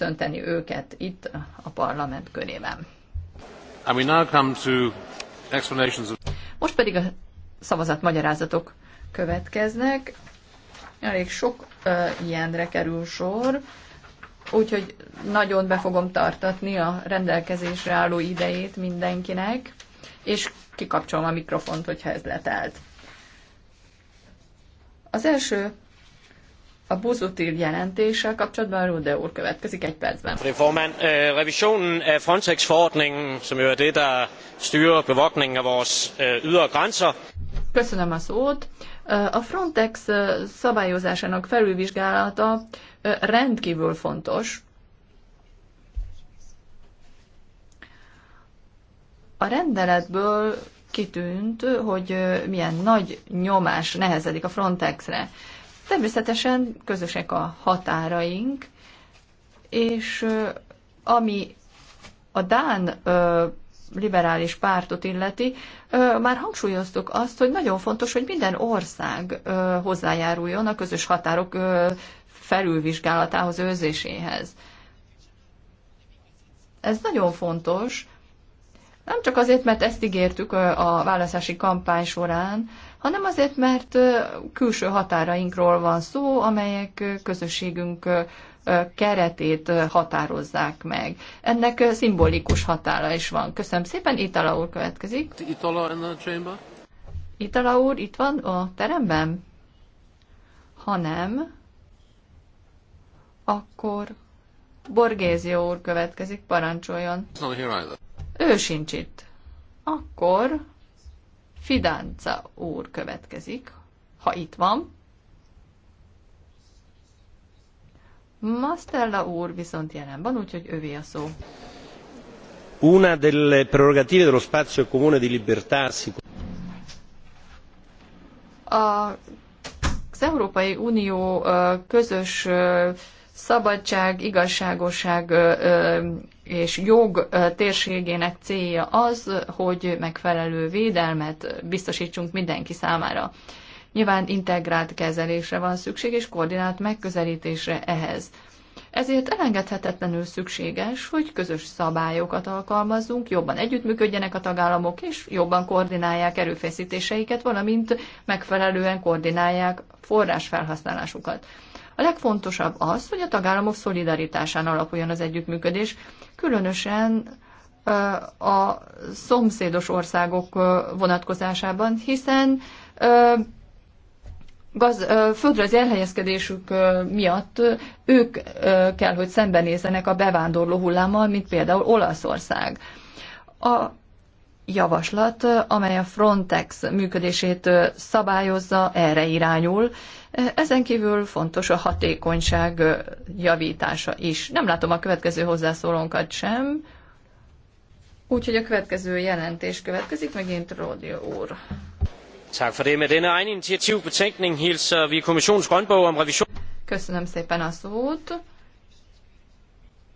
szönteni őket itt a parlament körében. Most pedig a szavazat magyarázatok következnek. Elég sok uh, ilyenre kerül sor, úgyhogy nagyon be fogom tartatni a rendelkezésre álló idejét mindenkinek, és kikapcsolom a mikrofont, hogyha ez letelt. Az első a buzutív jelentéssel kapcsolatban Rode úr következik egy percben. Formand, øh, revisionen af Frontex-forordningen, som jo er det, der styrer bevogtningen af vores øh, ydre grænser. Köszönöm a szót. A Frontex szabályozásának felülvizsgálata rendkívül fontos. A rendeletből kitűnt, hogy milyen nagy nyomás nehezedik a Frontexre Természetesen közösek a határaink, és ami a Dán liberális pártot illeti, már hangsúlyoztuk azt, hogy nagyon fontos, hogy minden ország hozzájáruljon a közös határok felülvizsgálatához, őrzéséhez. Ez nagyon fontos, nem csak azért, mert ezt ígértük a választási kampány során, hanem azért, mert külső határainkról van szó, amelyek közösségünk keretét határozzák meg. Ennek szimbolikus határa is van. Köszönöm szépen, Itala úr következik. Itala in the chamber? Itala úr itt van a teremben? Ha nem, akkor Borgézió úr következik, parancsoljon. Ő sincs itt. Akkor Fidánca úr következik, ha itt van. Mastella úr viszont jelen van, úgyhogy övé a szó. Una delle prerogative dello spazio comune di libertà az Európai Unió közös szabadság, igazságosság és jog térségének célja az, hogy megfelelő védelmet biztosítsunk mindenki számára. Nyilván integrált kezelésre van szükség, és koordinált megközelítésre ehhez. Ezért elengedhetetlenül szükséges, hogy közös szabályokat alkalmazzunk, jobban együttműködjenek a tagállamok, és jobban koordinálják erőfeszítéseiket, valamint megfelelően koordinálják forrásfelhasználásukat. A legfontosabb az, hogy a tagállamok szolidaritásán alapuljon az együttműködés, különösen a szomszédos országok vonatkozásában, hiszen gaz, földrajzi elhelyezkedésük miatt ők kell, hogy szembenézzenek a bevándorló hullámmal, mint például Olaszország. A javaslat, amely a Frontex működését szabályozza, erre irányul, ezen kívül fontos a hatékonyság javítása is. Nem látom a következő hozzászólónkat sem, úgyhogy a következő jelentés következik, megint Ródi úr. Tak for det. Med denne egen initiativbetænkning hilser vi kommissionens grønbog om revision. Köszönöm szépen a szót.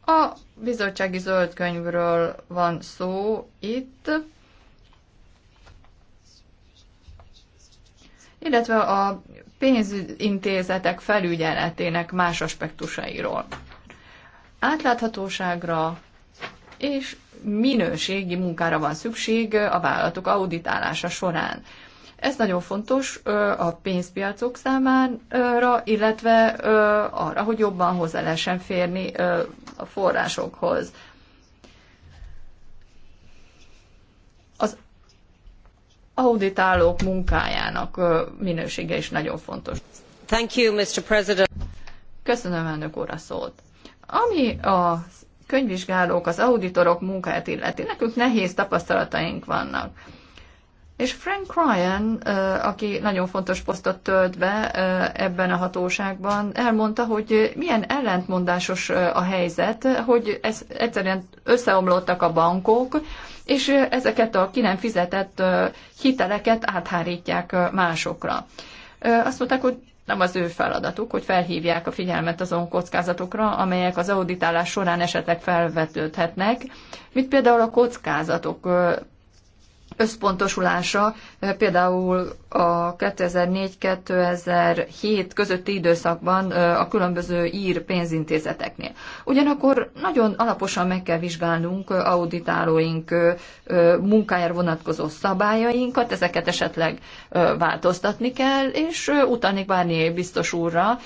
A bizottsági zöldkönyvről van szó itt, illetve a pénzintézetek felügyeletének más aspektusairól. Átláthatóságra és minőségi munkára van szükség a vállalatok auditálása során. Ez nagyon fontos a pénzpiacok számára, illetve arra, hogy jobban hozzá lehessen férni a forrásokhoz. auditálók munkájának minősége is nagyon fontos. Thank you, Mr. President. Köszönöm, elnök úr, a szót. Ami a könyvvizsgálók, az auditorok munkáját illeti, nekünk nehéz tapasztalataink vannak és Frank Ryan, aki nagyon fontos posztot tölt be ebben a hatóságban, elmondta, hogy milyen ellentmondásos a helyzet, hogy ez egyszerűen összeomlottak a bankok, és ezeket a ki nem fizetett hiteleket áthárítják másokra. Azt mondták, hogy nem az ő feladatuk, hogy felhívják a figyelmet azon kockázatokra, amelyek az auditálás során esetleg felvetődhetnek, mint például a kockázatok összpontosulása eh, például a 2004-2007 közötti időszakban eh, a különböző ír pénzintézeteknél. Ugyanakkor nagyon alaposan meg kell vizsgálnunk eh, auditálóink munkájára vonatkozó szabályainkat, ezeket esetleg változtatni kell, és utalni Bárnyi biztos úrra,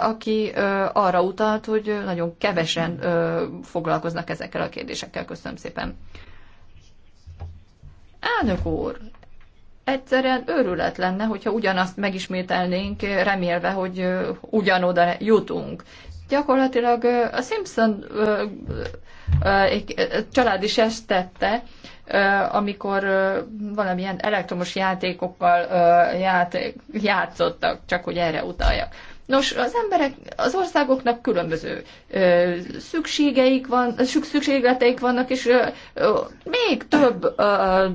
aki arra utalt, hogy nagyon kevesen foglalkoznak ezekkel a kérdésekkel. Köszönöm szépen. Elnök úr, egyszerűen őrület lenne, hogyha ugyanazt megismételnénk, remélve, hogy ugyanoda jutunk. Gyakorlatilag a Simpson család is ezt tette, amikor valamilyen elektromos játékokkal játszottak, csak hogy erre utaljak. Nos, az emberek, az országoknak különböző ö, szükségeik van, szükségleteik vannak, és ö, ö, még több ö,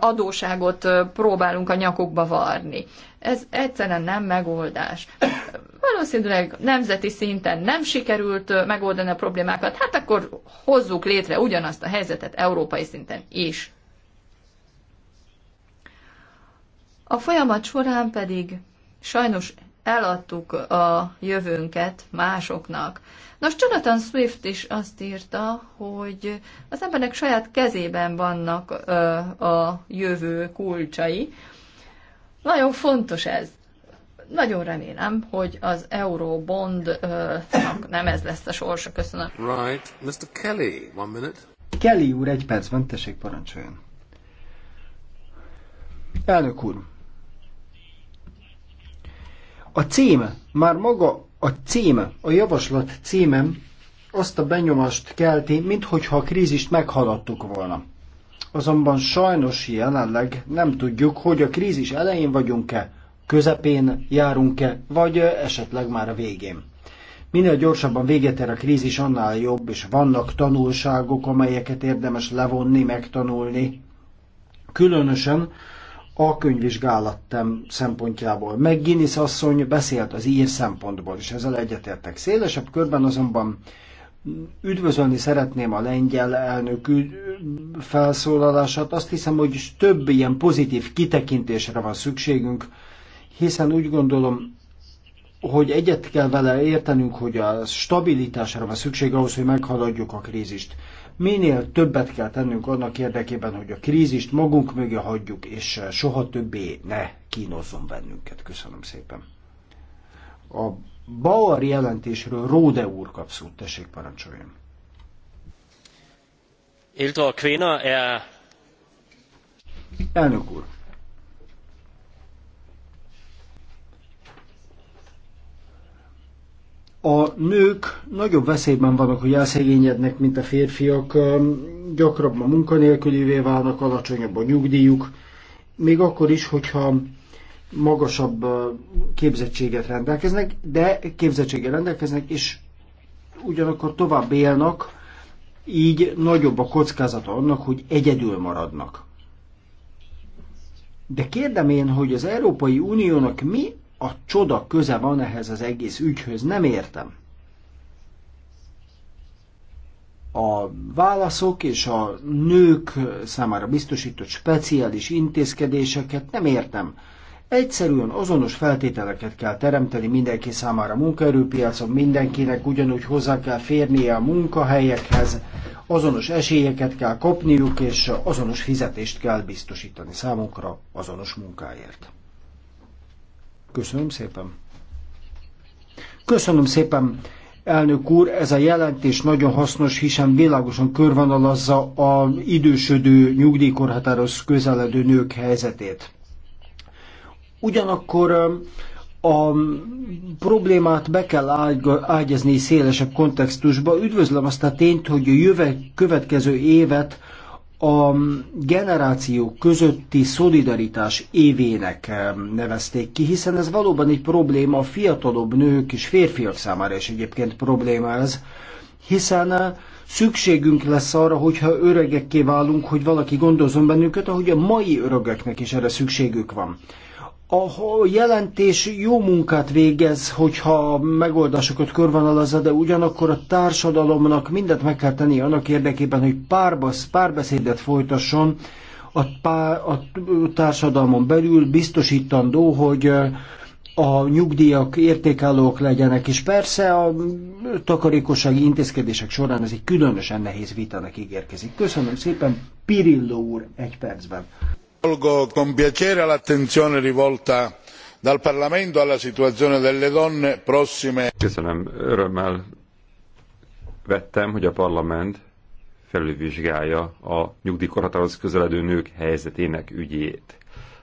adóságot próbálunk a nyakukba varni. Ez egyszerűen nem megoldás. Valószínűleg nemzeti szinten nem sikerült megoldani a problémákat, hát akkor hozzuk létre ugyanazt a helyzetet európai szinten is. A folyamat során pedig sajnos eladtuk a jövőnket másoknak. Nos, Jonathan Swift is azt írta, hogy az embernek saját kezében vannak a jövő kulcsai. Nagyon fontos ez. Nagyon remélem, hogy az Eurobondnak nem ez lesz a sorsa. Köszönöm. Right. Mr. Kelly, one minute. Kelly úr, egy percben, tessék parancsoljon. Elnök úr, a cím már maga a cím, a javaslat címem azt a benyomást kelti, minthogyha a krízist meghaladtuk volna. Azonban sajnos jelenleg nem tudjuk, hogy a krízis elején vagyunk-e, közepén járunk-e, vagy esetleg már a végén. Minél gyorsabban véget ér a krízis, annál jobb, és vannak tanulságok, amelyeket érdemes levonni, megtanulni. Különösen a könyvvizsgálatem szempontjából. Meg Guinness asszony beszélt az ír szempontból, és ezzel egyetértek. Szélesebb körben azonban üdvözölni szeretném a lengyel elnök felszólalását. Azt hiszem, hogy több ilyen pozitív kitekintésre van szükségünk, hiszen úgy gondolom, hogy egyet kell vele értenünk, hogy a stabilitásra van szükség ahhoz, hogy meghaladjuk a krízist. Minél többet kell tennünk annak érdekében, hogy a krízist magunk mögé hagyjuk, és soha többé ne kínozzon bennünket. Köszönöm szépen. A Bauer jelentésről Róde úr kap szót, tessék parancsoljon. Er- Elnök úr, a nők nagyobb veszélyben vannak, hogy elszegényednek, mint a férfiak, gyakrabban munkanélkülivé válnak, alacsonyabb a nyugdíjuk, még akkor is, hogyha magasabb képzettséget rendelkeznek, de képzettséggel rendelkeznek, és ugyanakkor tovább élnek, így nagyobb a kockázata annak, hogy egyedül maradnak. De kérdem én, hogy az Európai Uniónak mi a csoda köze van ehhez az egész ügyhöz? Nem értem. A válaszok és a nők számára biztosított speciális intézkedéseket nem értem. Egyszerűen azonos feltételeket kell teremteni mindenki számára munkaerőpiacon, mindenkinek ugyanúgy hozzá kell férnie a munkahelyekhez, azonos esélyeket kell kapniuk, és azonos fizetést kell biztosítani számunkra azonos munkáért. Köszönöm szépen. Köszönöm szépen, elnök úr. Ez a jelentés nagyon hasznos, hiszen világosan körvonalazza a idősödő, nyugdíjkorhatároz közeledő nők helyzetét. Ugyanakkor a problémát be kell ágyazni szélesebb kontextusba. Üdvözlöm azt a tényt, hogy a jövő következő évet a generáció közötti szolidaritás évének eh, nevezték ki, hiszen ez valóban egy probléma a fiatalabb nők és férfiak számára is egyébként probléma ez, hiszen eh, szükségünk lesz arra, hogyha öregekké válunk, hogy valaki gondozom bennünket, ahogy a mai öregeknek is erre szükségük van a jelentés jó munkát végez, hogyha megoldásokat körvonalazza, de ugyanakkor a társadalomnak mindent meg kell tenni annak érdekében, hogy párbasz, párbeszédet folytasson a, pár, a társadalmon belül, biztosítandó, hogy eh, a nyugdíjak értékállók legyenek, és persze a takarékossági intézkedések során ez egy különösen nehéz vitának ígérkezik. Köszönöm szépen, Pirillo úr, egy percben colgo con piacere l'attenzione rivolta dal parlamento alla situazione delle donne prossime. köszönöm örömmel vettem hogy a parlament felülvizsgálja a nyugdjkorhatárhoz közeledő nők helyzetének ügyét.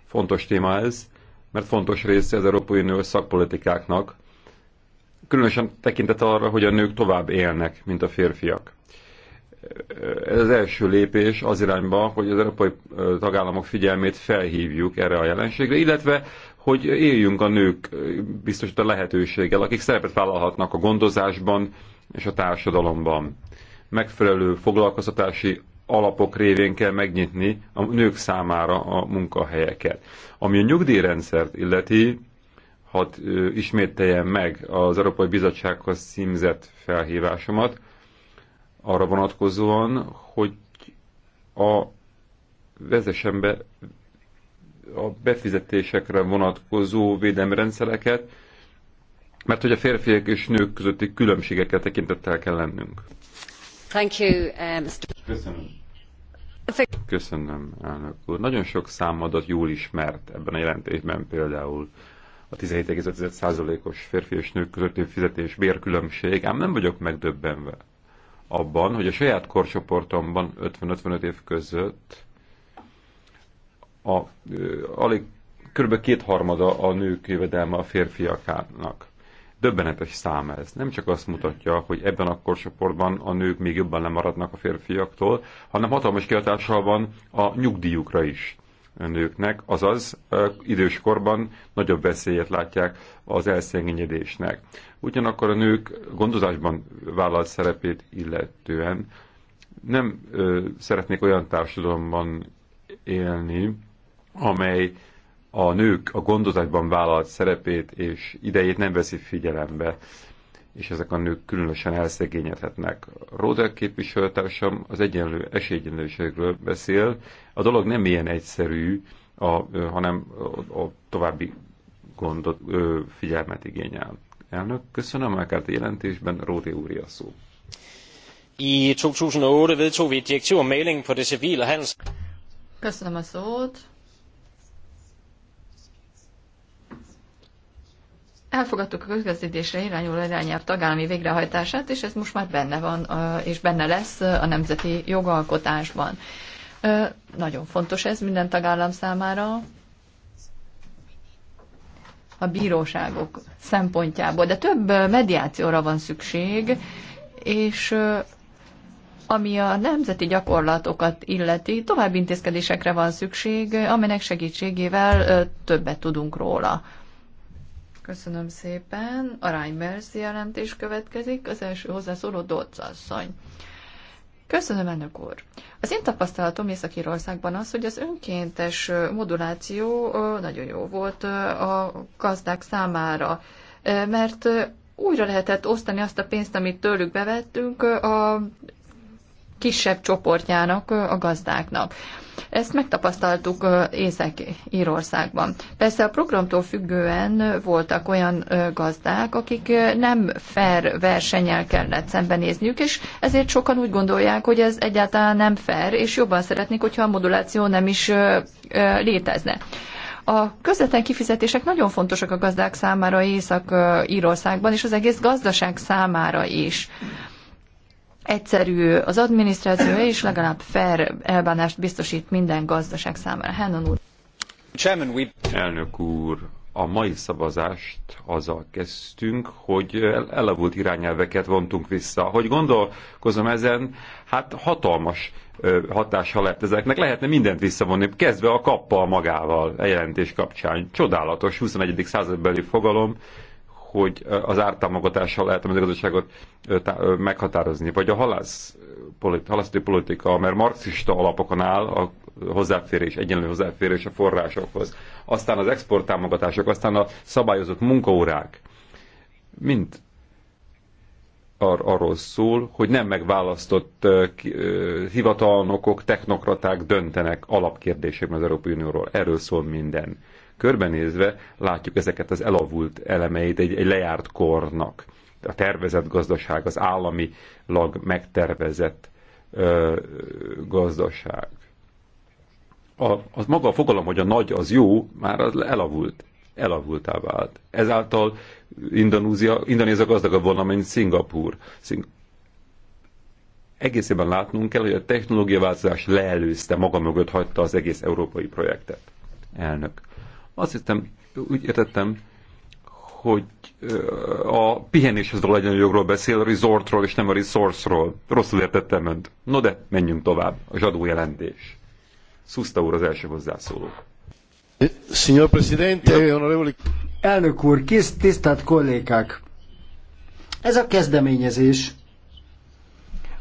Fontos téma ez, mert fontos része az Európai Unió szakpolitikáknak, különösen tekintet arra, hogy a nők tovább élnek, mint a férfiak. Ez az első lépés az irányba, hogy az európai tagállamok figyelmét felhívjuk erre a jelenségre, illetve hogy éljünk a nők biztosított a lehetőséggel, akik szerepet vállalhatnak a gondozásban és a társadalomban. Megfelelő foglalkoztatási alapok révén kell megnyitni a nők számára a munkahelyeket. Ami a nyugdíjrendszert illeti, hadd ismételjem meg az Európai Bizottsághoz címzett felhívásomat, arra vonatkozóan, hogy a vezessen be a befizetésekre vonatkozó védelmi rendszereket, mert hogy a férfiak és nők közötti különbségekkel tekintettel kell lennünk. Thank you, uh, Mr. Köszönöm. Köszönöm, elnök úr. Nagyon sok számadat jól ismert ebben a jelentésben például a 17,5%-os férfi és nők közötti fizetés bérkülönbség, ám nem vagyok megdöbbenve abban, hogy a saját korcsoportomban 50-55 év között a, alig kb. kétharmada a nők jövedelme a férfiakának. Döbbenetes szám ez. Nem csak azt mutatja, hogy ebben a korcsoportban a nők még jobban lemaradnak a férfiaktól, hanem hatalmas kihatással van a nyugdíjukra is nőknek, azaz időskorban nagyobb veszélyet látják az elszegényedésnek. Ugyanakkor a nők gondozásban vállalt szerepét illetően nem ö, szeretnék olyan társadalomban élni, amely a nők a gondozásban vállalt szerepét és idejét nem veszi figyelembe és ezek a nők különösen elszegényedhetnek. Roder képviselőtársam az egyenlő esélyegyenlőségről beszél. A dolog nem ilyen egyszerű, a, hanem a, a további gondot, figyelmet igényel. Elnök, köszönöm, Ákárt jelentésben Ródi úri a szó. I 2008 vedtog vi et direktiv om maling på det civile handels... Köszönöm a szót. elfogadtuk a közgazdítésre irányuló irányelv tagállami végrehajtását, és ez most már benne van, és benne lesz a nemzeti jogalkotásban. Nagyon fontos ez minden tagállam számára, a bíróságok szempontjából, de több mediációra van szükség, és ami a nemzeti gyakorlatokat illeti, további intézkedésekre van szükség, amelynek segítségével többet tudunk róla. Köszönöm szépen. Arányberzi jelentés következik. Az első hozzászóló Dolc asszony. Köszönöm, elnök úr. Az én tapasztalatom Észak-Írországban az, hogy az önkéntes moduláció nagyon jó volt a gazdák számára, mert újra lehetett osztani azt a pénzt, amit tőlük bevettünk a kisebb csoportjának, a gazdáknak. Ezt megtapasztaltuk Észak-Írországban. Persze a programtól függően voltak olyan gazdák, akik nem fair versenyel kellett szembenézniük, és ezért sokan úgy gondolják, hogy ez egyáltalán nem fair, és jobban szeretnék, hogyha a moduláció nem is létezne. A közvetlen kifizetések nagyon fontosak a gazdák számára Észak-Írországban, és az egész gazdaság számára is egyszerű az adminisztrációja, és legalább fair elbánást biztosít minden gazdaság számára. Hennon úr. Elnök úr, a mai szavazást azzal kezdtünk, hogy elavult irányelveket vontunk vissza. Hogy gondolkozom ezen, hát hatalmas hatása lett ezeknek. Lehetne mindent visszavonni, kezdve a kappal magával a jelentés kapcsán. Csodálatos, 21. századbeli fogalom, hogy az ártámogatással lehet a mezőgazdaságot meghatározni. Vagy a halász, halászati politika, mert marxista alapokon áll a hozzáférés, egyenlő hozzáférés a forrásokhoz. Aztán az exporttámogatások, aztán a szabályozott munkaórák. Mind ar- arról szól, hogy nem megválasztott uh, hivatalnokok, technokraták döntenek alapkérdésében az Európai Unióról. Erről szól minden körbenézve látjuk ezeket az elavult elemeit egy, egy lejárt kornak. A tervezett gazdaság, az államilag megtervezett ö, gazdaság. A, az maga a fogalom, hogy a nagy az jó, már az elavult, elavultá vált. Ezáltal Indonézia, Indonézia gazdagabb volna, mint Szingapúr. Szing- egészében látnunk kell, hogy a technológiaváltozás leelőzte, maga mögött hagyta az egész európai projektet. Elnök. Azt hiszem, úgy értettem, hogy a pihenéshez való egyenjogról beszél, a resortról és nem a resource-ról. Rosszul értettem önt. No de, menjünk tovább. A zsadó jelentés. Szuszta úr az első hozzászóló. Eh, signor Presidente, onorevoli... Elnök úr, kész, tisztelt kollégák! Ez a kezdeményezés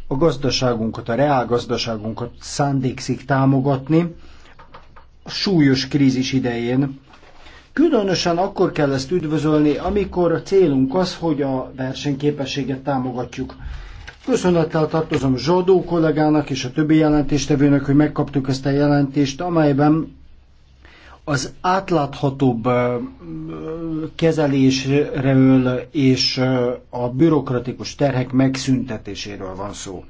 a gazdaságunkat, a reálgazdaságunkat szándékszik támogatni, súlyos krízis idején. Különösen akkor kell ezt üdvözölni, amikor a célunk az, hogy a versenyképességet támogatjuk. Köszönettel tartozom Zsadó kollégának és a többi jelentéstevőnek, hogy megkaptuk ezt a jelentést, amelyben az átláthatóbb kezelésről és a bürokratikus terhek megszüntetéséről van szó.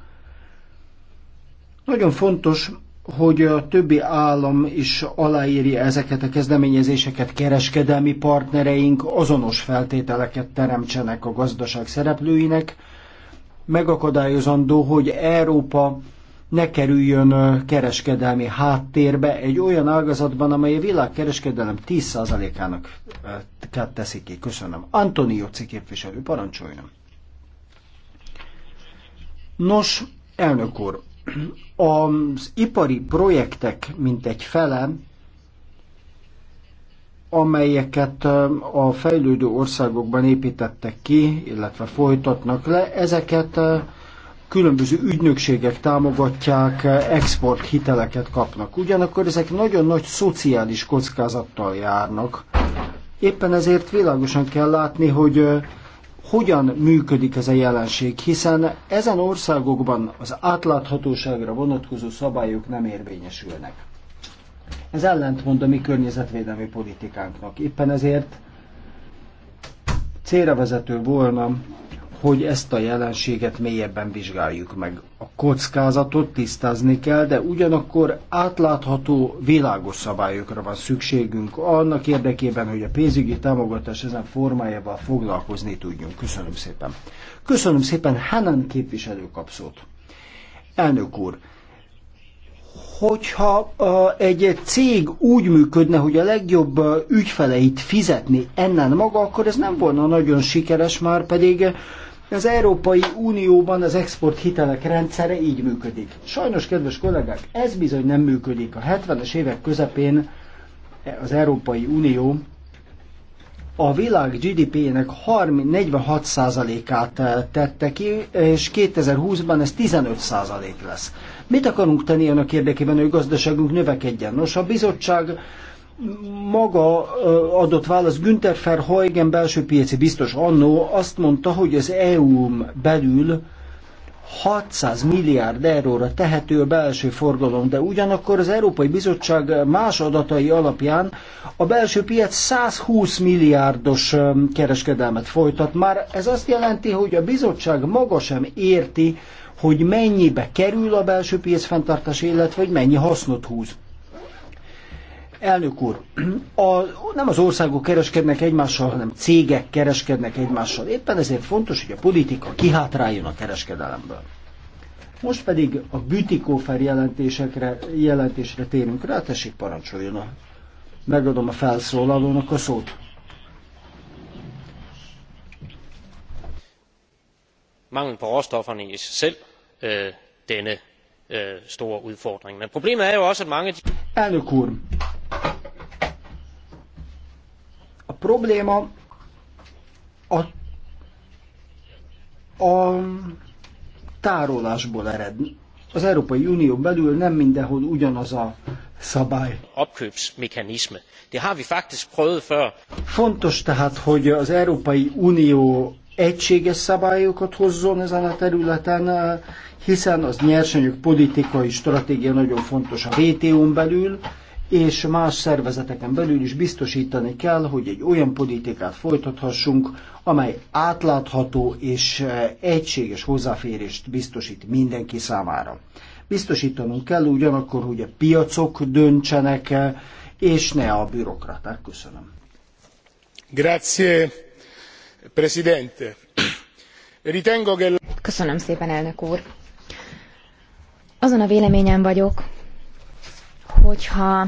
Nagyon fontos, hogy a többi állam is aláírja ezeket a kezdeményezéseket, kereskedelmi partnereink azonos feltételeket teremtsenek a gazdaság szereplőinek, megakadályozandó, hogy Európa ne kerüljön kereskedelmi háttérbe egy olyan ágazatban, amely a világkereskedelem 10%-ának teszik ki. Köszönöm. Antonio C. képviselő, parancsoljon. Nos, elnök úr, az ipari projektek mint egy fele, amelyeket a fejlődő országokban építettek ki, illetve folytatnak le, ezeket különböző ügynökségek támogatják, export hiteleket kapnak. Ugyanakkor ezek nagyon nagy szociális kockázattal járnak. Éppen ezért világosan kell látni, hogy hogyan működik ez a jelenség, hiszen ezen országokban az átláthatóságra vonatkozó szabályok nem érvényesülnek. Ez ellentmond a mi környezetvédelmi politikánknak. Éppen ezért célra vezető volna hogy ezt a jelenséget mélyebben vizsgáljuk meg. A kockázatot tisztázni kell, de ugyanakkor átlátható, világos szabályokra van szükségünk annak érdekében, hogy a pénzügyi támogatás ezen formájával foglalkozni tudjunk. Köszönöm szépen. Köszönöm szépen, Hanan képviselő kapszót. Elnök úr, hogyha egy cég úgy működne, hogy a legjobb ügyfeleit fizetni ennen maga, akkor ez nem volna nagyon sikeres, már pedig az Európai Unióban az export hitelek rendszere így működik. Sajnos, kedves kollégák, ez bizony nem működik. A 70-es évek közepén az Európai Unió a világ GDP-nek 46%-át eh, tette ki, és 2020-ban ez 15% lesz. Mit akarunk tenni annak érdekében, hogy gazdaságunk növekedjen? Nos, a bizottság maga adott válasz Günther Verheugen belső piaci biztos annó azt mondta, hogy az EU-n u-m belül 600 milliárd euróra tehető a belső forgalom, de ugyanakkor az Európai Bizottság más adatai alapján a belső piac 120 milliárdos kereskedelmet folytat. Már ez azt jelenti, hogy a bizottság maga sem érti, hogy mennyibe kerül a belső piac fenntartása, illetve hogy mennyi hasznot húz. Elnök úr, a, nem az országok kereskednek egymással, hanem cégek kereskednek egymással. Éppen ezért fontos, hogy a politika kihátráljon a kereskedelemből. Most pedig a Bütikófer jelentésekre, jelentésre térünk rá, tessék parancsoljon a megadom a felszólalónak a szót. Mangel på råstofferne i sig selv øh, denne øh, store udfordring. Men problemet er jo også, at mange... Elnök úr, a probléma a, a tárolásból ered. Az Európai Unió belül nem mindenhol ugyanaz a szabály. Opkøbsmekanisme. Det har vi faktisk prøvet før. Fontos tehát, hogy az Európai Unió egységes szabályokat hozzon ezen a területen, hiszen az nyersanyag politikai stratégia nagyon fontos a WTO-n belül, és más szervezeteken belül is biztosítani kell, hogy egy olyan politikát folytathassunk, amely átlátható és eh, egységes hozzáférést biztosít mindenki számára. Biztosítanunk kell ugyanakkor, hogy a piacok döntsenek, eh, és ne a bürokraták. Köszönöm. Grazie, Presidente. Ritengo che... Köszönöm szépen, elnök úr. Azon a véleményen vagyok, hogyha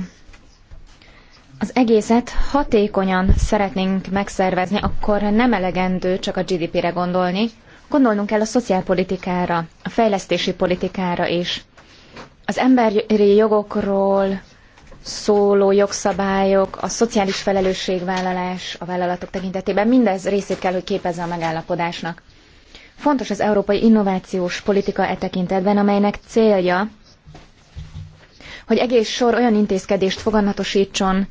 az egészet hatékonyan szeretnénk megszervezni, akkor nem elegendő csak a GDP-re gondolni, gondolnunk kell a szociálpolitikára, a fejlesztési politikára is. Az emberi jogokról szóló jogszabályok, a szociális felelősségvállalás a vállalatok tekintetében mindez részét kell, hogy képezze a megállapodásnak. Fontos az európai innovációs politika e tekintetben, amelynek célja, hogy egész sor olyan intézkedést foganatosítson,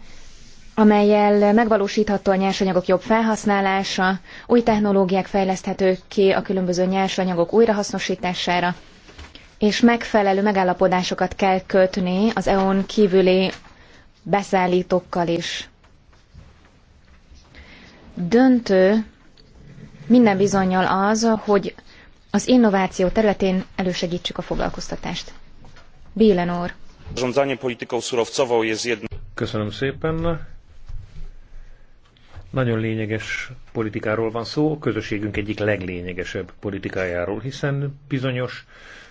amelyel megvalósítható a nyersanyagok jobb felhasználása, új technológiák fejleszthetők ki a különböző nyersanyagok újrahasznosítására, és megfelelő megállapodásokat kell kötni az EON kívüli beszállítókkal is. Döntő minden bizonyal az, hogy az innováció területén elősegítsük a foglalkoztatást. Bélenor. Zarządzanie polityką surowcową jest jednym... Köszönöm szépen. Nagyon lényeges politikáról van szó, a közösségünk egyik leglényegesebb politikájáról, hiszen bizonyos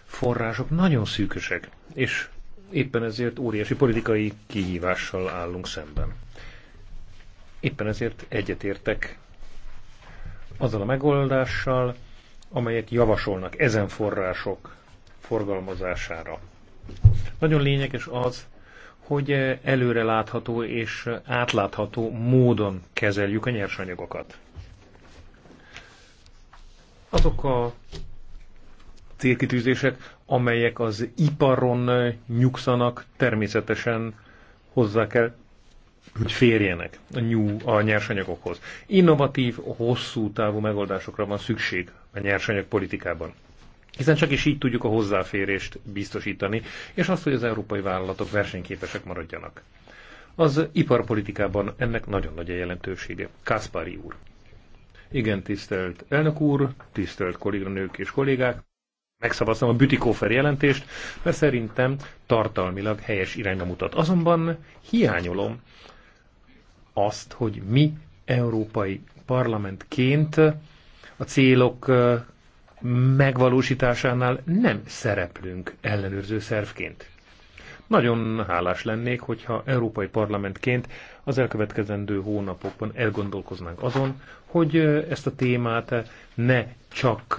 források nagyon szűkösek, és éppen ezért óriási politikai kihívással állunk szemben. Éppen ezért egyetértek azzal a megoldással, amelyet javasolnak ezen források forgalmazására. Nagyon lényeges az, hogy előrelátható és átlátható módon kezeljük a nyersanyagokat. Azok a célkitűzések, amelyek az iparon nyugszanak, természetesen hozzá kell, hogy férjenek a, nyú, a nyersanyagokhoz. Innovatív, hosszú távú megoldásokra van szükség a nyersanyag politikában hiszen csak is így tudjuk a hozzáférést biztosítani, és azt, hogy az európai vállalatok versenyképesek maradjanak. Az iparpolitikában ennek nagyon nagy a jelentősége. Kaspari úr. Igen, tisztelt elnök úr, tisztelt kolléganők és kollégák, megszavaztam a Bütikófer jelentést, mert szerintem tartalmilag helyes irányba mutat. Azonban hiányolom azt, hogy mi európai parlamentként a célok megvalósításánál nem szereplünk ellenőrző szervként. Nagyon hálás lennék, hogyha Európai Parlamentként az elkövetkezendő hónapokban elgondolkoznánk azon, hogy ezt a témát ne csak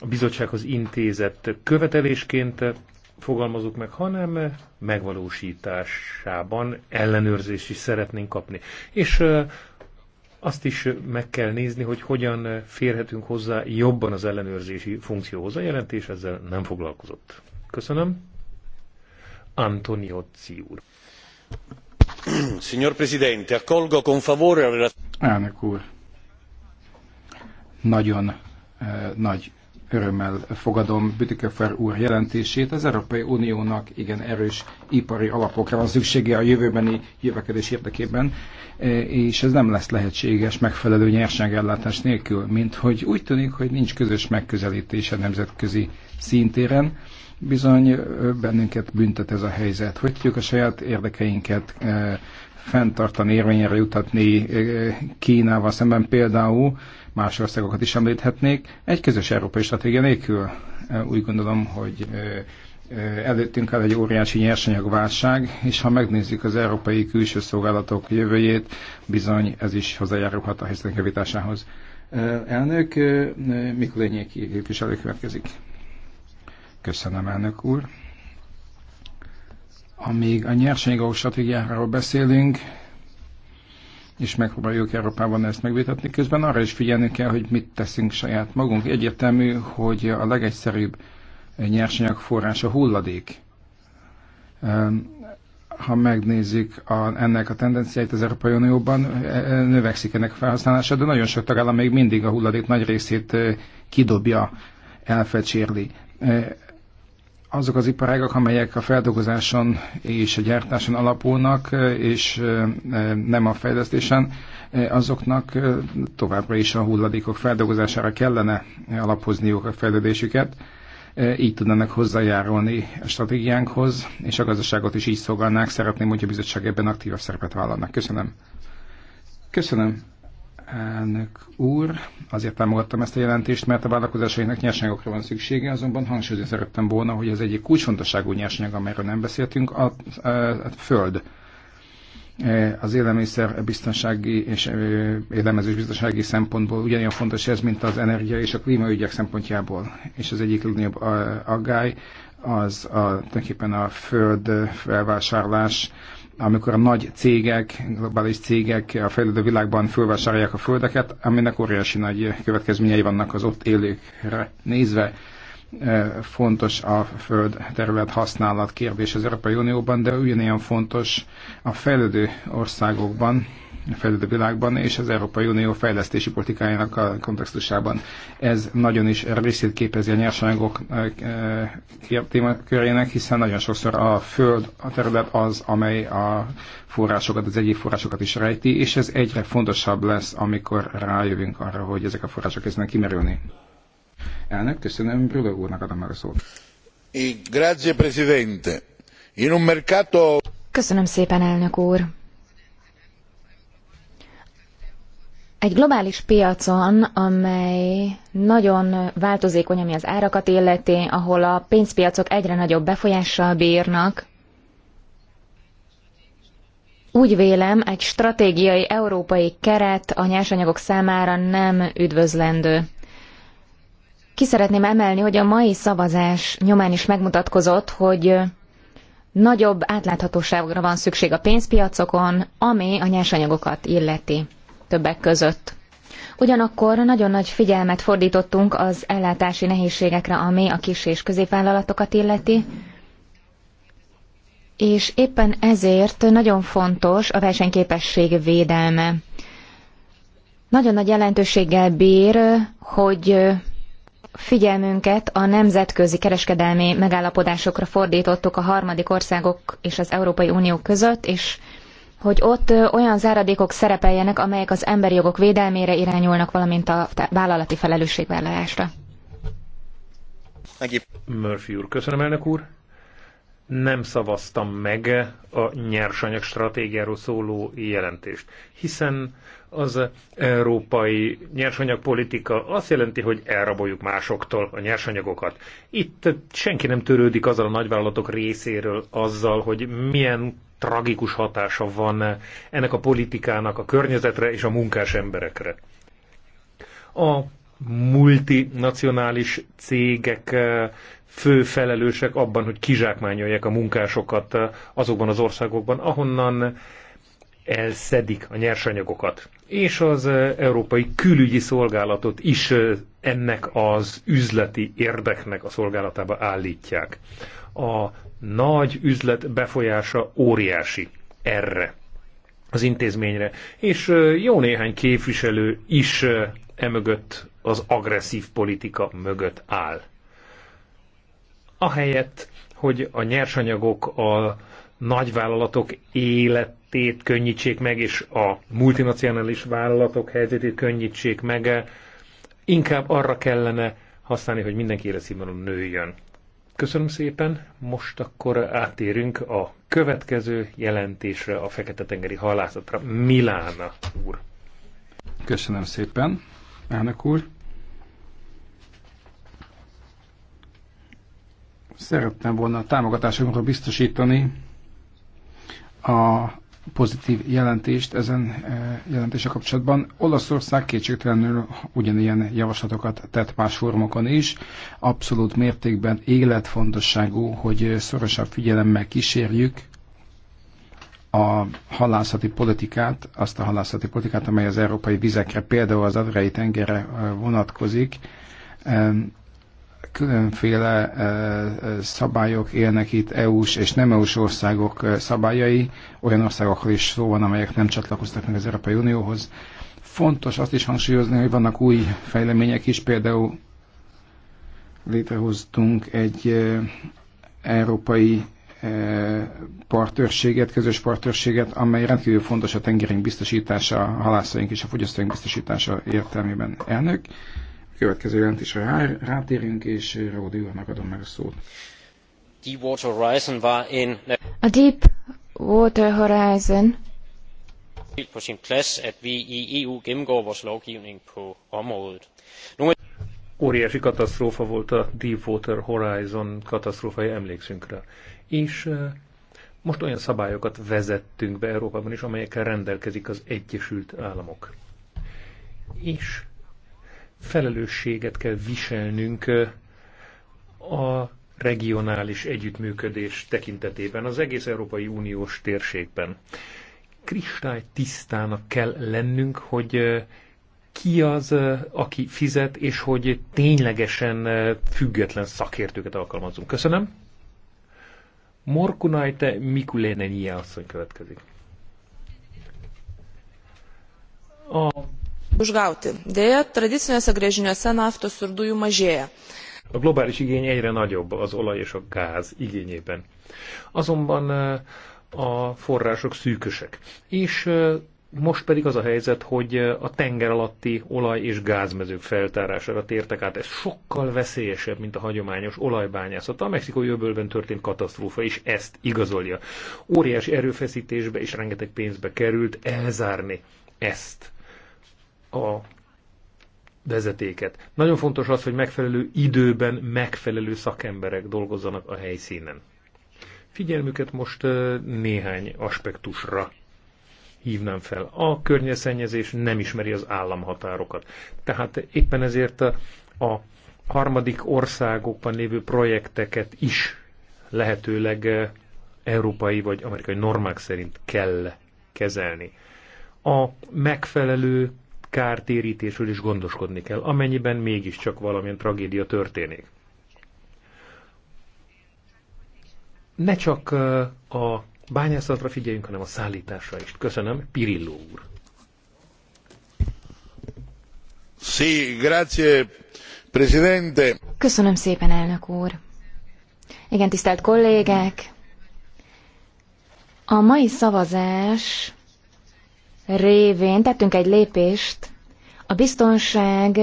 a bizottsághoz intézett követelésként fogalmazunk meg, hanem megvalósításában ellenőrzést is szeretnénk kapni. És azt is meg kell nézni, hogy hogyan férhetünk hozzá jobban az ellenőrzési funkcióhoz. A jelentés ezzel nem foglalkozott. Köszönöm. Antonio Ciur. Signor Presidente, accolgo con favore... Elnök úr, nagyon eh, nagy örömmel fogadom Bütikefer úr jelentését. Az Európai Uniónak igen erős ipari alapokra van szüksége a jövőbeni jövekedés érdekében, e, és ez nem lesz lehetséges megfelelő nyersengellátás nélkül, mint hogy úgy tűnik, hogy nincs közös megközelítés a nemzetközi szintéren. Bizony bennünket büntet ez a helyzet. Hogy tudjuk a saját érdekeinket e, fenntartani, érvényre jutatni e, Kínával szemben például, más országokat is említhetnék. Egy közös európai stratégia nélkül úgy gondolom, hogy előttünk áll el egy óriási nyersanyagválság, és ha megnézzük az európai külső szolgálatok jövőjét, bizony ez is hozzájárulhat a helyzetek javításához. Elnök Mikulényi képviselő következik. Köszönöm, elnök úr. Amíg a nyersanyagok stratégiáról beszélünk, és megpróbáljuk Európában ezt megvitatni. Közben arra is figyelni kell, hogy mit teszünk saját magunk. Egyértelmű, hogy a legegyszerűbb forrás a hulladék. Ehm, ha megnézzük a, ennek a tendenciáit az Európai Unióban, e, e, növekszik ennek a felhasználása, de nagyon sok tagállam még mindig a hulladék nagy részét e, kidobja, elfecsérli azok az iparágak, amelyek a feldolgozáson és a gyártáson alapulnak, és nem a fejlesztésen, azoknak továbbra is a hulladékok feldolgozására kellene alapozniuk a fejlődésüket. Így tudnának hozzájárulni a stratégiánkhoz, és a gazdaságot is így szolgálnák. Szeretném, hogy a bizottság ebben aktívabb szerepet vállalnak. Köszönöm. Köszönöm elnök úr. Azért támogattam ezt a jelentést, mert a vállalkozásainak nyersanyagokra van szüksége, azonban hangsúlyozni szerettem volna, hogy az egyik kulcsfontosságú nyersanyag, amelyről nem beszéltünk, a, a, a föld e, az élelmiszer biztonsági és e, élelmezős biztonsági szempontból ugyanolyan fontos ez, mint az energia és a klímaügyek szempontjából. És az egyik legnagyobb e, aggály az a, tulajdonképpen a föld felvásárlás amikor a nagy cégek, globális cégek a fejlődő világban fölvásárolják a földeket, aminek óriási nagy következményei vannak az ott élőkre nézve. E, fontos a föld terület használat kérdés az Európai Unióban, de ugyanilyen fontos a fejlődő országokban, fejlődő világban és az Európai Unió fejlesztési politikájának a kontextusában. Ez nagyon is részét képezi a nyersanyagok eh, eh, témakörének, hiszen nagyon sokszor a föld, a terület az, amely a forrásokat, az egyéb forrásokat is rejti, és ez egyre fontosabb lesz, amikor rájövünk arra, hogy ezek a források kezdenek kimerülni. Elnök, köszönöm, Brüle úrnak adom meg a szót. Grazie, Presidente. In un mercato... Köszönöm szépen, elnök úr. Egy globális piacon, amely nagyon változékony, ami az árakat illeti, ahol a pénzpiacok egyre nagyobb befolyással bírnak, úgy vélem, egy stratégiai európai keret a nyersanyagok számára nem üdvözlendő. Ki szeretném emelni, hogy a mai szavazás nyomán is megmutatkozott, hogy nagyobb átláthatóságra van szükség a pénzpiacokon, ami a nyersanyagokat illeti többek között. Ugyanakkor nagyon nagy figyelmet fordítottunk az ellátási nehézségekre, ami a kis és középvállalatokat illeti, és éppen ezért nagyon fontos a versenyképesség védelme. Nagyon nagy jelentőséggel bír, hogy figyelmünket a nemzetközi kereskedelmi megállapodásokra fordítottuk a harmadik országok és az Európai Unió között, és hogy ott olyan záradékok szerepeljenek, amelyek az emberi jogok védelmére irányulnak, valamint a vállalati felelősségvállalásra. Murphy úr, köszönöm elnök úr. Nem szavaztam meg a nyersanyag stratégiáról szóló jelentést, hiszen az európai nyersanyagpolitika azt jelenti, hogy elraboljuk másoktól a nyersanyagokat. Itt senki nem törődik azzal a nagyvállalatok részéről azzal, hogy milyen tragikus hatása van ennek a politikának a környezetre és a munkás emberekre. A multinacionális cégek eh, fő felelősek abban, hogy kizsákmányolják a munkásokat eh, azokban az országokban, ahonnan elszedik a nyersanyagokat. És az Európai Külügyi Szolgálatot is ennek az üzleti érdeknek a szolgálatába állítják. A nagy üzlet befolyása óriási erre az intézményre. És jó néhány képviselő is emögött az agresszív politika mögött áll. Ahelyett, hogy a nyersanyagok a nagyvállalatok élet helyzetét könnyítsék meg, és a multinacionális vállalatok helyzetét könnyítsék meg. Inkább arra kellene használni, hogy mindenki életszínvonalon nőjön. Köszönöm szépen, most akkor átérünk a következő jelentésre, a Fekete-tengeri halászatra. Milána úr. Köszönöm szépen, elnök úr. Szerettem volna a támogatásunkra biztosítani a pozitív jelentést ezen eh, jelentése kapcsolatban. Olaszország kétségtelenül ugyanilyen javaslatokat tett más formokon is. Abszolút mértékben életfontosságú, hogy szorosabb figyelemmel kísérjük a halászati politikát, azt a halászati politikát, amely az európai vizekre, például az Adrei tengerre eh, vonatkozik különféle eh, eh, szabályok élnek itt, EU-s és nem EU-s országok eh, szabályai, olyan országokról is szó van, amelyek nem csatlakoztak meg az Európai Unióhoz. Fontos azt is hangsúlyozni, hogy vannak új fejlemények is, például létrehoztunk egy európai partőrséget, közös partőrséget, amely rendkívül fontos a tengerünk biztosítása, a halászaink és a fogyasztóink biztosítása értelmében. Elnök, következő jelentésre rá, rátérünk, és Ródi úrnak adom meg a szót. A Deep Water Horizon på sin plads, at vi i EU gennemgår vores lovgivning på området. Nogle er- Óriási katasztrófa volt a Deepwater Horizon katasztrófai, emlékszünk rá. És most olyan szabályokat vezettünk be Európában is, amelyekkel rendelkezik az Egyesült Államok. És felelősséget kell viselnünk a regionális együttműködés tekintetében, az egész Európai Uniós térségben. Kristály tisztának kell lennünk, hogy ki az, aki fizet, és hogy ténylegesen független szakértőket alkalmazunk. Köszönöm. Morkunajte Mikulénen asszony következik. A Užgauti. Deja, tradiciniuose grėžiniuose naftos ir dujų mažėja. A globális igény egyre nagyobb az olaj és a gáz igényében. Azonban eh, a források szűkösek. És eh, most pedig az a helyzet, hogy eh, a tenger alatti olaj- és gázmezők feltárására tértek át. Ez sokkal veszélyesebb, mint a hagyományos olajbányászat. A mexikói öbölben történt katasztrófa is ezt igazolja. Óriási erőfeszítésbe és rengeteg pénzbe került elzárni ezt a vezetéket. Nagyon fontos az, hogy megfelelő időben megfelelő szakemberek dolgozzanak a helyszínen. Figyelmüket most néhány aspektusra hívnám fel. A környezetszennyezés nem ismeri az államhatárokat. Tehát éppen ezért a harmadik országokban lévő projekteket is lehetőleg európai vagy amerikai normák szerint kell kezelni. A megfelelő kártérítésről is gondoskodni kell, amennyiben mégiscsak valamilyen tragédia történik. Ne csak a bányászatra figyeljünk, hanem a szállításra is. Köszönöm, Pirilló úr. Sí, grazie, presidente. Köszönöm szépen, elnök úr. Igen, tisztelt kollégek. A mai szavazás révén tettünk egy lépést a biztonság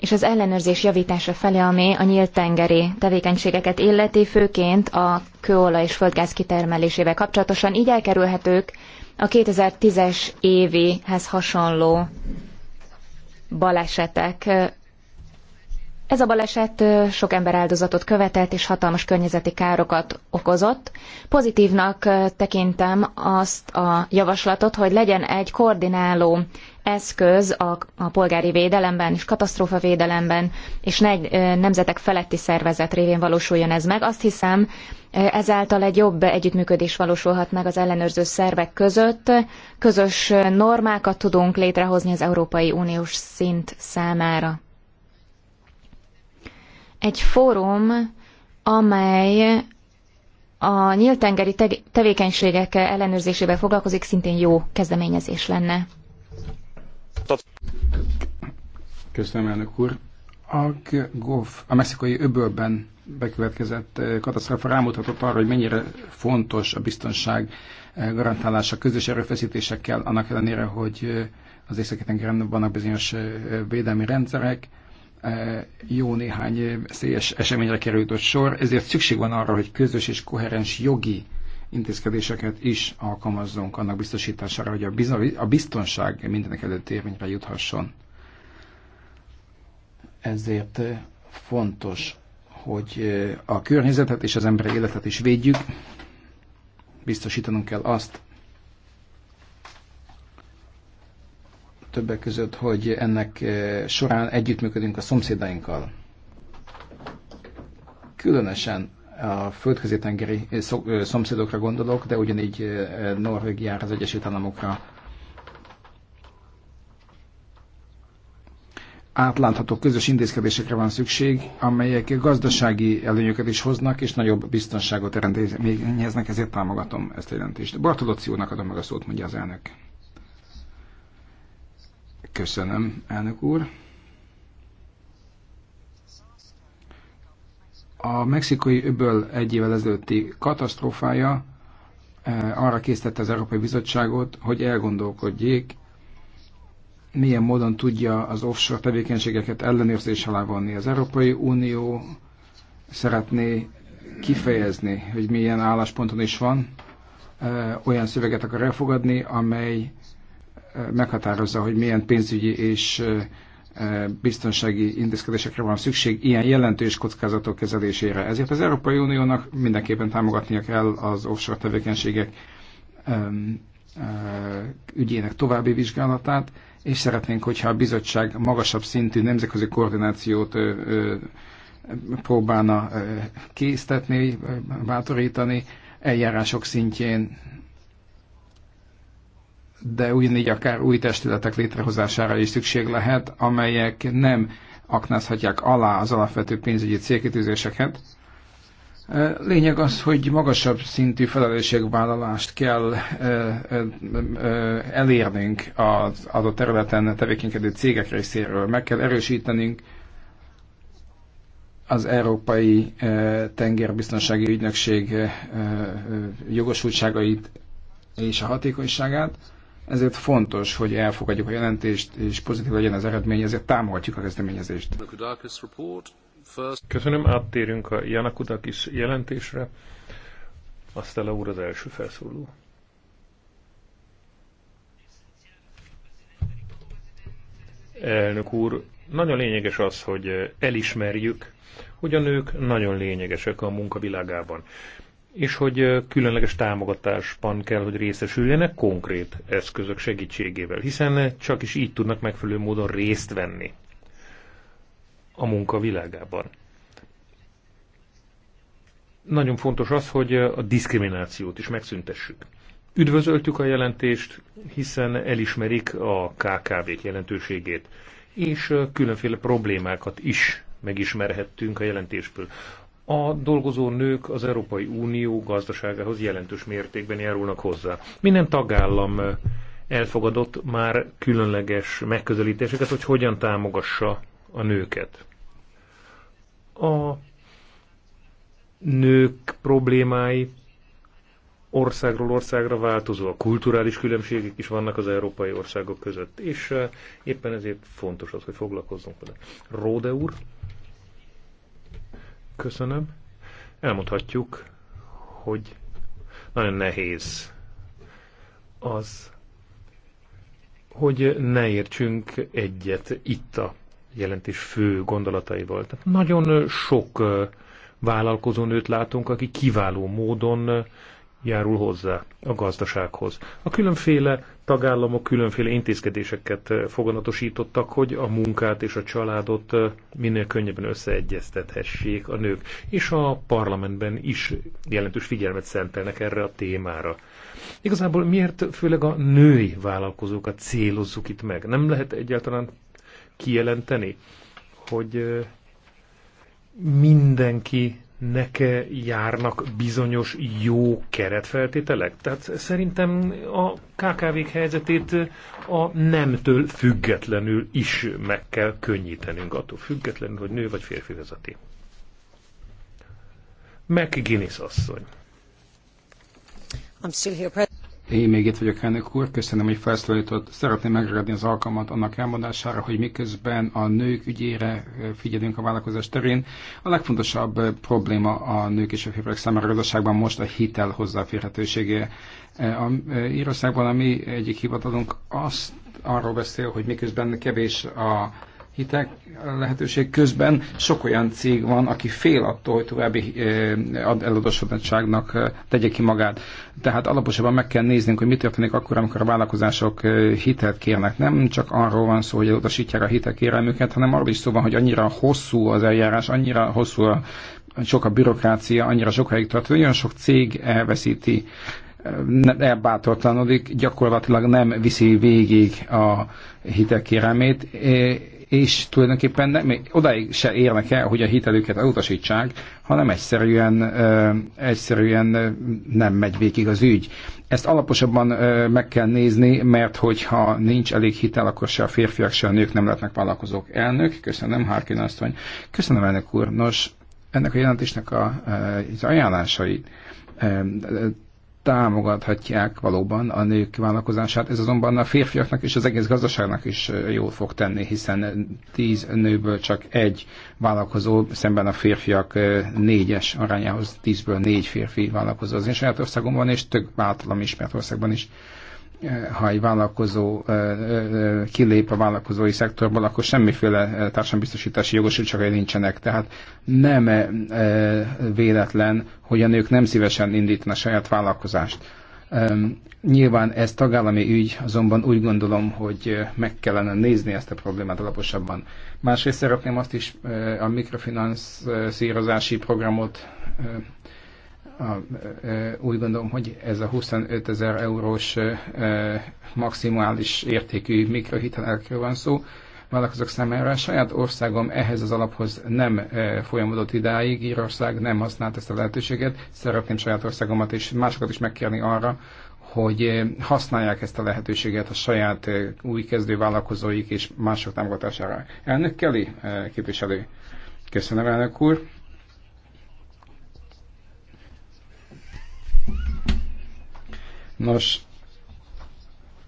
és az ellenőrzés javítása felé, ami a nyílt tengeri tevékenységeket illeti, főként a kőolaj és földgáz kitermelésével kapcsolatosan, így elkerülhetők a 2010-es évihez hasonló balesetek. Ez a baleset sok ember áldozatot követett és hatalmas környezeti károkat okozott. Pozitívnak tekintem azt a javaslatot, hogy legyen egy koordináló eszköz a, a polgári védelemben és védelemben és ne, nemzetek feletti szervezet révén valósuljon ez meg. Azt hiszem, ezáltal egy jobb együttműködés valósulhat meg az ellenőrző szervek között. Közös normákat tudunk létrehozni az Európai Uniós szint számára egy fórum, amely a nyíltengeri tevékenységek ellenőrzésével foglalkozik, szintén jó kezdeményezés lenne. Köszönöm, elnök úr. A Gulf, a mexikai öbölben bekövetkezett eh, katasztrófa rámutatott arra, hogy mennyire fontos a biztonság eh, garantálása közös erőfeszítésekkel, annak ellenére, hogy eh, az északi tengeren vannak bizonyos védelmi rendszerek, E, jó néhány széles eseményre került ott sor, ezért szükség van arra, hogy közös és koherens jogi intézkedéseket is alkalmazzunk annak biztosítására, hogy a biztonság mindenek előtt érvényre juthasson. Ezért fontos, hogy a környezetet és az emberi életet is védjük. Biztosítanunk kell azt, többek között, hogy ennek eh, során együttműködünk a szomszédainkkal. Különösen a földközi-tengeri eh, eh, szomszédokra gondolok, de ugyanígy Norvégiára, az Egyesült Államokra. Átlátható közös intézkedésekre van szükség, amelyek gazdasági előnyöket is hoznak, és nagyobb biztonságot eredményeznek, ezért támogatom ezt a jelentést. Bartolocci úrnak adom meg a szót, mondja az elnök. Köszönöm, elnök úr. A mexikai öböl egy évvel ezelőtti katasztrófája eh, arra késztette az Európai Bizottságot, hogy elgondolkodjék, milyen módon tudja az offshore tevékenységeket ellenőrzés alá vonni. Az Európai Unió szeretné kifejezni, hogy milyen állásponton is van, eh, olyan szöveget akar elfogadni, amely meghatározza, hogy milyen pénzügyi és biztonsági intézkedésekre van szükség ilyen jelentős kockázatok kezelésére. Ezért az Európai Uniónak mindenképpen támogatnia kell az offshore tevékenységek ügyének további vizsgálatát, és szeretnénk, hogyha a bizottság magasabb szintű nemzetközi koordinációt próbálna késztetni, bátorítani, eljárások szintjén, de ugyanígy akár új testületek létrehozására is szükség lehet, amelyek nem aknázhatják alá az alapvető pénzügyi célkitűzéseket. Lényeg az, hogy magasabb szintű felelősségvállalást kell elérnünk az adott területen tevékenykedő cégek részéről. Meg kell erősítenünk az Európai Tengerbiztonsági Ügynökség jogosultságait és a hatékonyságát. Ezért fontos, hogy elfogadjuk a jelentést, és pozitív legyen az eredmény, ezért támogatjuk a kezdeményezést. Köszönöm, áttérünk a Janakudakis jelentésre. Aztán a úr az első felszóló. Elnök úr, nagyon lényeges az, hogy elismerjük, hogy a nők nagyon lényegesek a munkavilágában és hogy különleges támogatásban kell, hogy részesüljenek konkrét eszközök segítségével, hiszen csak is így tudnak megfelelő módon részt venni a munka világában. Nagyon fontos az, hogy a diszkriminációt is megszüntessük. Üdvözöltük a jelentést, hiszen elismerik a KKV-k jelentőségét, és különféle problémákat is megismerhettünk a jelentésből a dolgozó nők az Európai Unió gazdaságához jelentős mértékben járulnak hozzá. Minden tagállam elfogadott már különleges megközelítéseket, hogy hogyan támogassa a nőket. A nők problémái országról országra változó, a kulturális különbségek is vannak az európai országok között, és eh, éppen ezért fontos az, hogy foglalkozzunk vele. Róde úr? Köszönöm. Elmondhatjuk, hogy nagyon nehéz az, hogy ne értsünk egyet itt a jelentés fő gondolataival. Tehát nagyon sok vállalkozónőt látunk, aki kiváló módon járul hozzá a gazdasághoz. A különféle tagállamok különféle intézkedéseket foganatosítottak, hogy a munkát és a családot minél könnyebben összeegyeztethessék a nők, és a parlamentben is jelentős figyelmet szentelnek erre a témára. Igazából miért főleg a női vállalkozókat célozzuk itt meg? Nem lehet egyáltalán kijelenteni, hogy mindenki nek járnak bizonyos jó keretfeltételek? Tehát szerintem a KKV-k helyzetét a nemtől függetlenül is meg kell könnyítenünk, attól függetlenül, hogy nő vagy férfi vezeti. Meg Guinness asszony. I'm still here. Én még itt vagyok, elnök úr, köszönöm, hogy felszólított. Szeretném megragadni az alkalmat annak elmondására, hogy miközben a nők ügyére figyelünk a vállalkozás terén, a legfontosabb probléma a nők és a férfiak számára a gazdaságban most a hitel hozzáférhetősége. A Írországban a mi egyik hivatalunk azt arról beszél, hogy miközben kevés a hitek lehetőség közben sok olyan cég van, aki fél attól, hogy további eladósodatságnak tegye ki magát. Tehát alaposabban meg kell néznünk, hogy mi történik akkor, amikor a vállalkozások hitelt kérnek. Nem csak arról van szó, hogy elutasítják a hitek kérelmüket, hanem arról is szó van, hogy annyira hosszú az eljárás, annyira hosszú a, sok a bürokrácia, annyira sokáig tart, hogy olyan sok cég elveszíti elbátortlanodik, gyakorlatilag nem viszi végig a hitelkérelmét, és tulajdonképpen nem, odáig se érnek el, hogy a hitelüket elutasítsák, hanem egyszerűen, ö, egyszerűen nem megy végig az ügy. Ezt alaposabban ö, meg kell nézni, mert hogyha nincs elég hitel, akkor se a férfiak, se a nők nem lehetnek vállalkozók. Elnök, köszönöm, Harkin asszony. Köszönöm, elnök úr. Nos, ennek a jelentésnek a, az ajánlásai támogathatják valóban a nők vállalkozását. Ez azonban a férfiaknak és az egész gazdaságnak is jót fog tenni, hiszen tíz nőből csak egy vállalkozó, szemben a férfiak négyes arányához tízből négy férfi vállalkozó az én saját országomban, és több általam ismert országban is ha egy vállalkozó kilép a vállalkozói szektorból, akkor semmiféle társadalombiztosítási jogosultságai nincsenek. Tehát nem véletlen, hogy a nők nem szívesen indítanak saját vállalkozást. Nyilván ez tagállami ügy, azonban úgy gondolom, hogy meg kellene nézni ezt a problémát alaposabban. Másrészt szeretném azt is a mikrofinanszírozási programot E, úgy gondolom, hogy ez a 25 ezer eurós e, e, maximális értékű mikrohitelekről van szó, vállalkozók számára. A saját országom ehhez az alaphoz nem folyamodott idáig, Írország nem használt ezt a lehetőséget. Szeretném saját országomat és másokat is megkérni arra, hogy használják ezt a lehetőséget a saját új kezdő vállalkozóik és mások támogatására. Elnök Kelly képviselő. Köszönöm, elnök úr. Nos,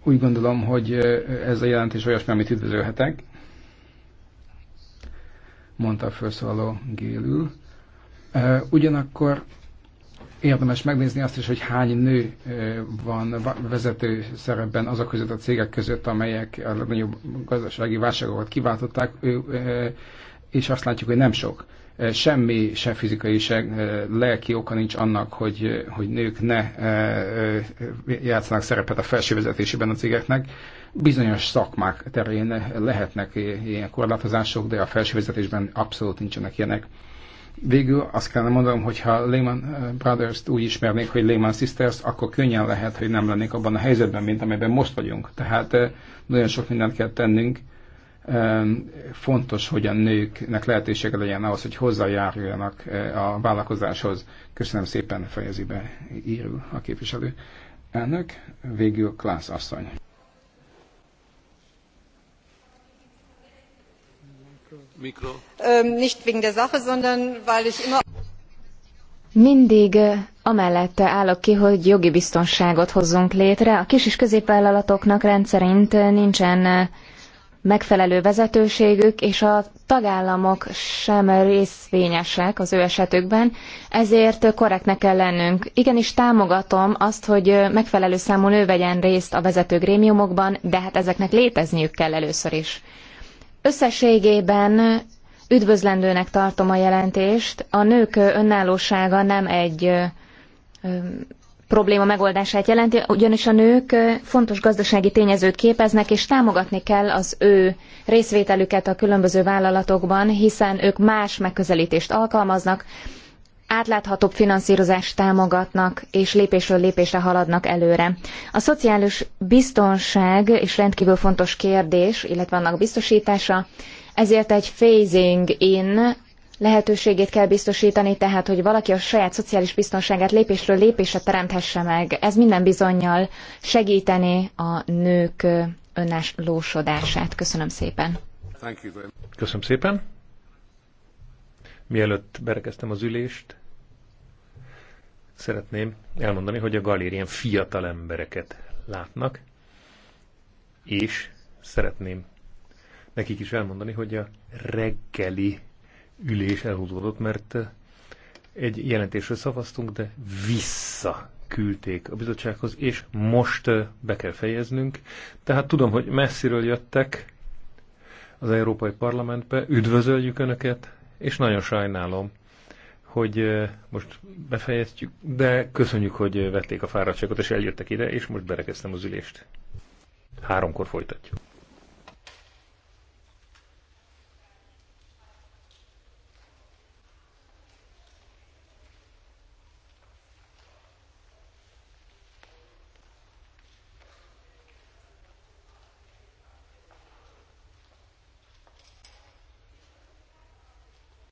úgy gondolom, hogy ez a jelentés olyasmi, amit üdvözölhetek, mondta a felszólaló gélül. Ugyanakkor érdemes megnézni azt is, hogy hány nő van vezető szerepben azok között a cégek között, amelyek a legnagyobb gazdasági válságokat kiváltották, és azt látjuk, hogy nem sok. Eh, semmi, se fizikai, se eh, lelki oka nincs annak, hogy, eh, hogy nők ne játszanak szerepet a felső vezetésében a cégeknek. Bizonyos szakmák terén lehetnek ilyen korlátozások, de a felső vezetésben abszolút nincsenek ilyenek. Végül azt kellene mondanom, hogy ha Lehman Brothers-t úgy ismernék, hogy Lehman Sisters, akkor könnyen lehet, hogy nem lennék abban a helyzetben, mint amelyben most vagyunk. Tehát nagyon sok mindent kell tennünk, fontos, hogy a nőknek lehetősége legyen ahhoz, hogy hozzájáruljanak a vállalkozáshoz. Köszönöm szépen, fejezi be írő a képviselő. Elnök, végül Klász asszony. Mikro. Nicht wegen der Sache, sondern weil ich immer mindig amellett állok ki, hogy jogi biztonságot hozzunk létre. A kis és középvállalatoknak rendszerint nincsen megfelelő vezetőségük, és a tagállamok sem részvényesek az ő esetükben, ezért korrektnek kell lennünk. Igenis támogatom azt, hogy megfelelő számú nő vegyen részt a vezető grémiumokban, de hát ezeknek létezniük kell először is. Összességében üdvözlendőnek tartom a jelentést. A nők önállósága nem egy probléma megoldását jelenti, ugyanis a nők fontos gazdasági tényezőt képeznek, és támogatni kell az ő részvételüket a különböző vállalatokban, hiszen ők más megközelítést alkalmaznak, átláthatóbb finanszírozást támogatnak, és lépésről lépésre haladnak előre. A szociális biztonság is rendkívül fontos kérdés, illetve annak biztosítása, ezért egy phasing in, lehetőségét kell biztosítani, tehát hogy valaki a saját szociális biztonságát lépésről lépésre teremthesse meg. Ez minden bizonyal segíteni a nők önállósodását. Köszönöm szépen. Köszönöm szépen. Mielőtt berekeztem az ülést, szeretném elmondani, hogy a galérián fiatal embereket látnak, és szeretném nekik is elmondani, hogy a reggeli ülés elhúzódott, mert eh, egy jelentésről szavaztunk, de vissza küldték a bizottsághoz, és most eh, be kell fejeznünk. Tehát tudom, hogy messziről jöttek az Európai Parlamentbe, üdvözöljük Önöket, és nagyon sajnálom, hogy eh, most befejeztjük, de köszönjük, hogy vették a fáradtságot, és eljöttek ide, és most berekeztem az ülést. Háromkor folytatjuk.